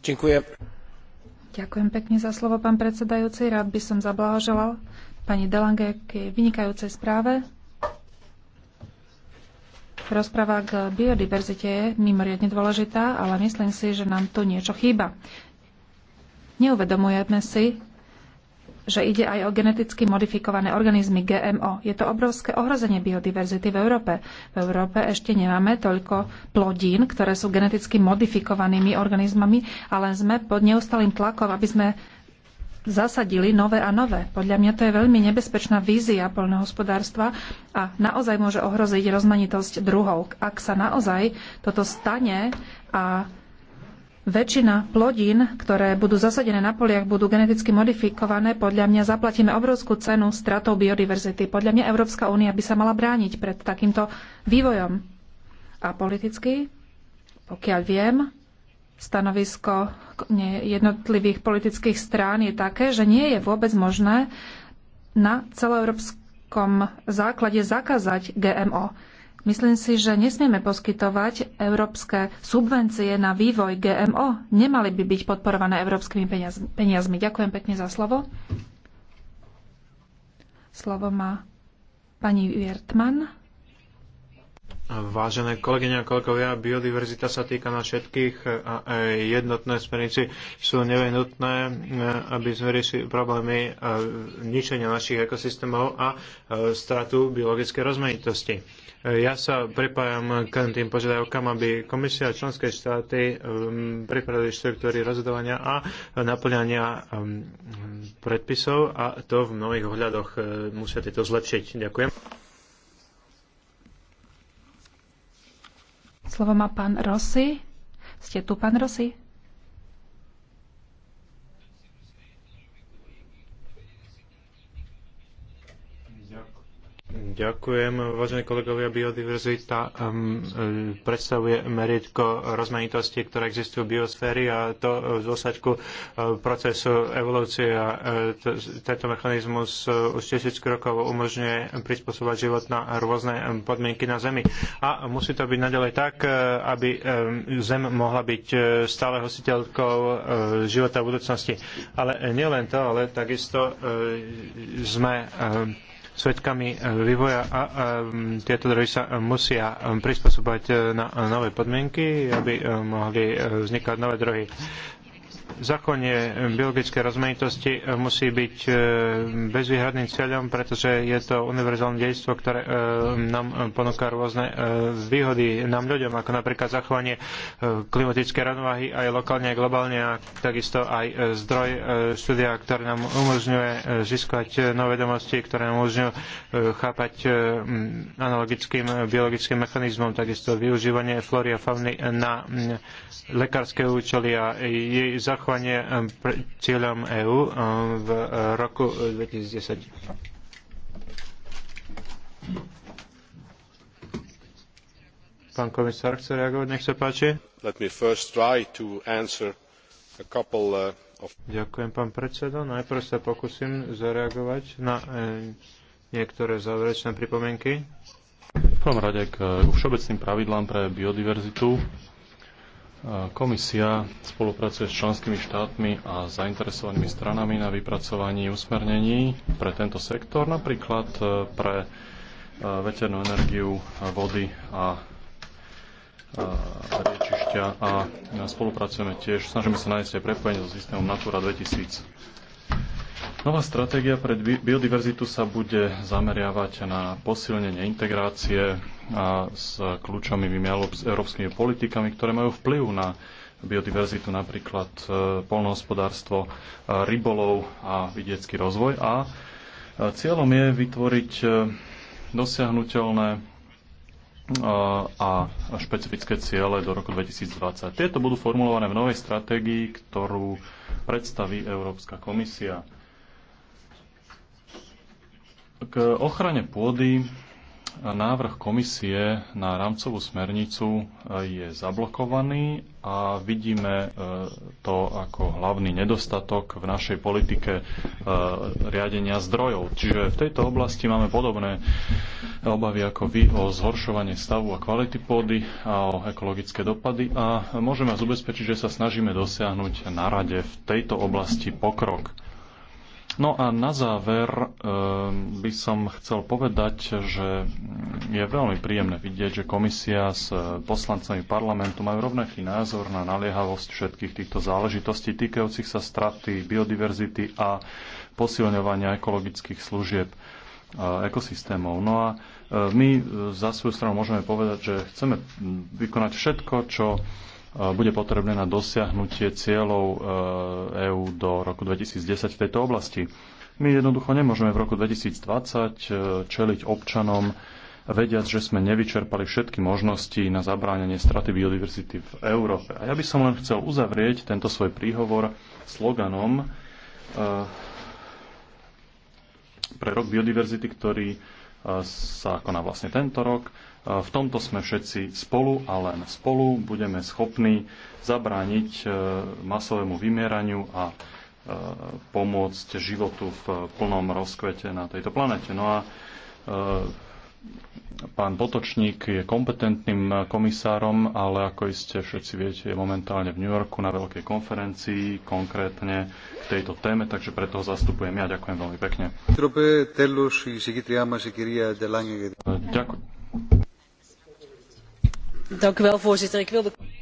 Ďakujem. Ďakujem pekne za slovo, pán predsedajúci. Rád by som zablahoželal pani Delange k vynikajúcej správe. Rozpráva k biodiverzite je mimoriadne dôležitá, ale myslím si, že nám tu niečo chýba. Neuvedomujeme si, že ide aj o geneticky modifikované organizmy GMO. Je to obrovské ohrozenie biodiverzity v Európe. V Európe ešte nemáme toľko plodín, ktoré sú geneticky modifikovanými organizmami, ale sme pod neustalým tlakom, aby sme zasadili nové a nové. Podľa mňa to je veľmi nebezpečná vízia poľnohospodárstva a naozaj môže ohroziť rozmanitosť druhov. Ak sa naozaj toto stane a väčšina plodín, ktoré budú zasadené na poliach, budú geneticky modifikované, podľa mňa zaplatíme obrovskú cenu stratou biodiverzity. Podľa mňa Európska únia by sa mala brániť pred takýmto vývojom. A politicky, pokiaľ viem, stanovisko jednotlivých politických strán je také, že nie je vôbec možné na celoeurópskom základe zakázať GMO. Myslím si, že nesmieme poskytovať európske subvencie na vývoj GMO. Nemali by byť podporované európskymi peniazmi. Ďakujem pekne za slovo. Slovo má pani Wiertmann. Vážené kolegyne a kolegovia, biodiverzita sa týka na všetkých a jednotné smernici sú nevyhnutné, aby sme riešili problémy e, ničenia našich ekosystémov a e, stratu biologickej rozmanitosti ja sa pripájam k tým požiadavkám, aby komisia a členské štáty um, pripravili štruktúry rozhodovania a naplňania um, predpisov a to v mnohých ohľadoch uh, musia tieto zlepšiť. Ďakujem. Slovo má pán Rossi. Ste tu, pán Rossi? Ďakujem, vážení kolegovia. Biodiverzita um, predstavuje meritko rozmanitosti, ktoré existujú v biosféri a to v dôsledku uh, procesu evolúcie a uh, tento mechanizmus uh, už tisíc rokov umožňuje prispôsobať život na rôzne um, podmienky na Zemi. A musí to byť naďalej tak, aby um, Zem mohla byť stále hostiteľkou života v budúcnosti. Ale nielen to, ale takisto sme svetkami eh, vývoja a eh, tieto druhy sa musia eh, prispôsobovať na nové podmienky, aby mohli vznikať nové druhy. Zakonie biologické rozmanitosti musí byť e, bezvýhradným cieľom, pretože je to univerzálne dejstvo, ktoré e, nám ponúka rôzne e, výhody nám ľuďom, ako napríklad zachovanie klimatické rovnováhy aj lokálne, aj globálne a takisto aj zdroj štúdia, ktoré nám umožňuje získať nové vedomosti, ktoré nám umožňujú chápať analogickým biologickým mechanizmom, takisto využívanie flóry a fauny na lekárske účely a jej zachovanie približovanie eh, cieľom EÚ eh, v eh, roku 2010. Pán komisár chce reagovať, nech sa páči. Let me first try to answer a couple of... Ďakujem, pán predseda. Najprv sa pokúsim zareagovať na niektoré záverečné pripomienky. V prvom rade k všeobecným pravidlám pre biodiverzitu Komisia spolupracuje s členskými štátmi a zainteresovanými stranami na vypracovaní usmernení pre tento sektor, napríklad e, pre e, veternú energiu, vody a e, riečišťa a spolupracujeme tiež, snažíme sa nájsť aj prepojenie so systémom Natura 2000. Nová stratégia pre biodiverzitu sa bude zameriavať na posilnenie integrácie a s kľúčovými európskymi politikami, ktoré majú vplyv na biodiverzitu, napríklad e, polnohospodárstvo, e, rybolov a vidiecký rozvoj. A e, cieľom je vytvoriť dosiahnutelné a špecifické ciele do roku 2020. Tieto budú formulované v novej stratégii, ktorú predstaví Európska komisia. K ochrane pôdy návrh komisie na rámcovú smernicu je zablokovaný a vidíme e, to ako hlavný nedostatok v našej politike e, riadenia zdrojov. Čiže v tejto oblasti máme podobné obavy ako vy o zhoršovanie stavu a kvality pôdy a o ekologické dopady a môžeme vás ubezpečiť, že sa snažíme dosiahnuť na rade v tejto oblasti pokrok. No a na záver eh, by som chcel povedať, že je veľmi príjemné vidieť, že komisia s eh, poslancami parlamentu majú rovnaký názor na naliehavosť všetkých týchto záležitostí týkajúcich sa straty biodiverzity a posilňovania ekologických služieb eh, ekosystémov. No a my za svoju stranu môžeme povedať, že chceme hm, vykonať všetko, čo bude potrebné na dosiahnutie cieľov e, EÚ do roku 2010 v tejto oblasti. My jednoducho nemôžeme v roku 2020 e, čeliť občanom, vediac, že sme nevyčerpali všetky možnosti na zabránenie straty biodiverzity v Európe. A ja by som len chcel uzavrieť tento svoj príhovor sloganom e, pre rok biodiverzity, ktorý sa koná vlastne tento rok. V tomto sme všetci spolu a len spolu budeme schopní zabrániť e, masovému vymieraniu a e, pomôcť životu v plnom rozkvete na tejto planete. No a e, Pán Potočník je kompetentným komisárom, ale ako iste všetci viete, je momentálne v New Yorku na veľkej konferencii, konkrétne k tejto téme, takže preto ho zastupujem ja. Ďakujem veľmi pekne. Ďakujem.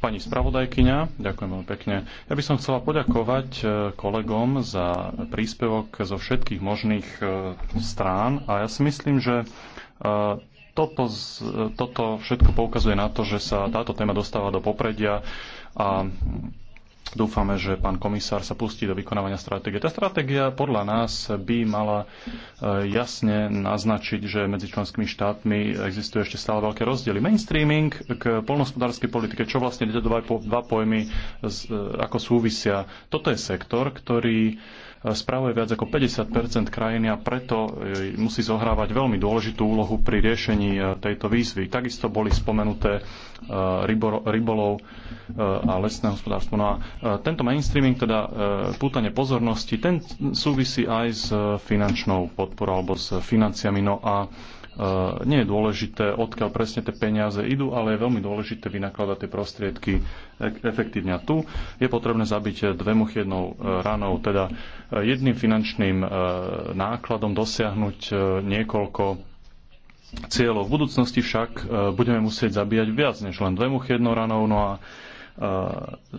Pani spravodajkyňa, ďakujem veľmi pekne. Ja by som chcela poďakovať eh, kolegom za príspevok zo všetkých možných eh, strán a ja si myslím, že E, toto, toto všetko poukazuje na to, že sa táto téma dostáva do popredia a dúfame, že pán komisár sa pustí do vykonávania stratégie. Tá stratégia podľa nás by mala e, jasne naznačiť, že medzi členskými štátmi existuje ešte stále veľké rozdiely. Mainstreaming k polnospodárskej politike, čo vlastne tieto dva, dva pojmy e, ako súvisia. Toto je sektor, ktorý spravuje viac ako 50 krajiny a preto e, musí zohrávať veľmi dôležitú úlohu pri riešení e, tejto výzvy. Takisto boli spomenuté e, rybolov a lesné hospodárstvo. No a tento mainstreaming, teda pútanie pozornosti, ten súvisí aj s finančnou podporou alebo s financiami. No a Eh, nie je dôležité, odkiaľ presne tie peniaze idú, ale je veľmi dôležité vynakladať tie prostriedky efektívne. A tu je potrebné zabiť eh, dve muchy jednou eh, ranou, teda jedným finančným nákladom dosiahnuť niekoľko cieľov. V budúcnosti však budeme musieť zabíjať viac než len dve muchy jednou ranou, no a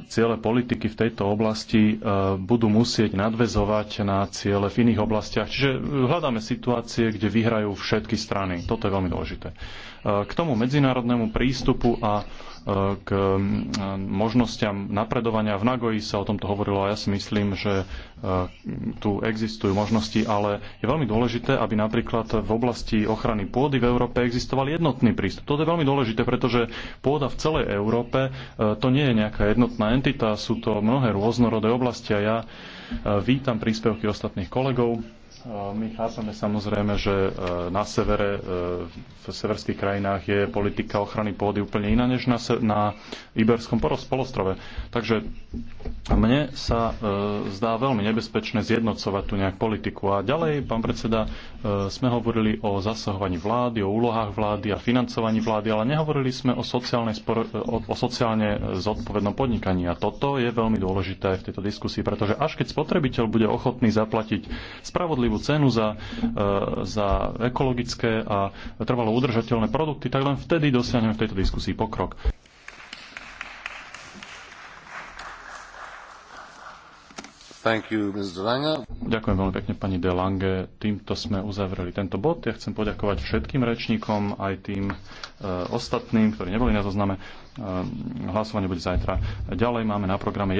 ciele politiky v tejto oblasti e, budú musieť nadvezovať na ciele v iných oblastiach. Čiže hľadáme situácie, kde vyhrajú všetky strany. Toto je veľmi dôležité. E, k tomu medzinárodnému prístupu a E, k e, možnostiam napredovania. V Nagoji sa o tomto hovorilo a ja si myslím, že e, tu existujú možnosti, ale je veľmi dôležité, aby napríklad v oblasti ochrany pôdy v Európe existoval jednotný prístup. Toto je veľmi dôležité, pretože pôda v celej Európe to nie je nejaká jednotná entita, sú to mnohé rôznorodé oblasti a ja vítam príspevky ostatných kolegov my chápame samozrejme, že e, na severe, e, v severských krajinách je politika ochrany pôdy úplne iná než na, na Iberskom polostrove. Takže mne sa e, zdá veľmi nebezpečné zjednocovať tu nejak politiku. A ďalej, pán predseda, sme hovorili o zasahovaní vlády, o úlohách vlády a financovaní vlády, ale nehovorili sme o, sociálnej spor- o, o sociálne zodpovednom podnikaní. A toto je veľmi dôležité v tejto diskusii, pretože až keď spotrebiteľ bude ochotný zaplatiť spravodlivú spravodlivú cenu za, e, za ekologické a trvalo udržateľné produkty, tak len vtedy dosiahneme v tejto diskusii pokrok. You, Ďakujem veľmi pekne pani De Lange. Týmto sme uzavreli tento bod. Ja chcem poďakovať všetkým rečníkom, aj tým e, ostatným, ktorí neboli na zozname. E, hlasovanie bude zajtra. Ďalej máme na programe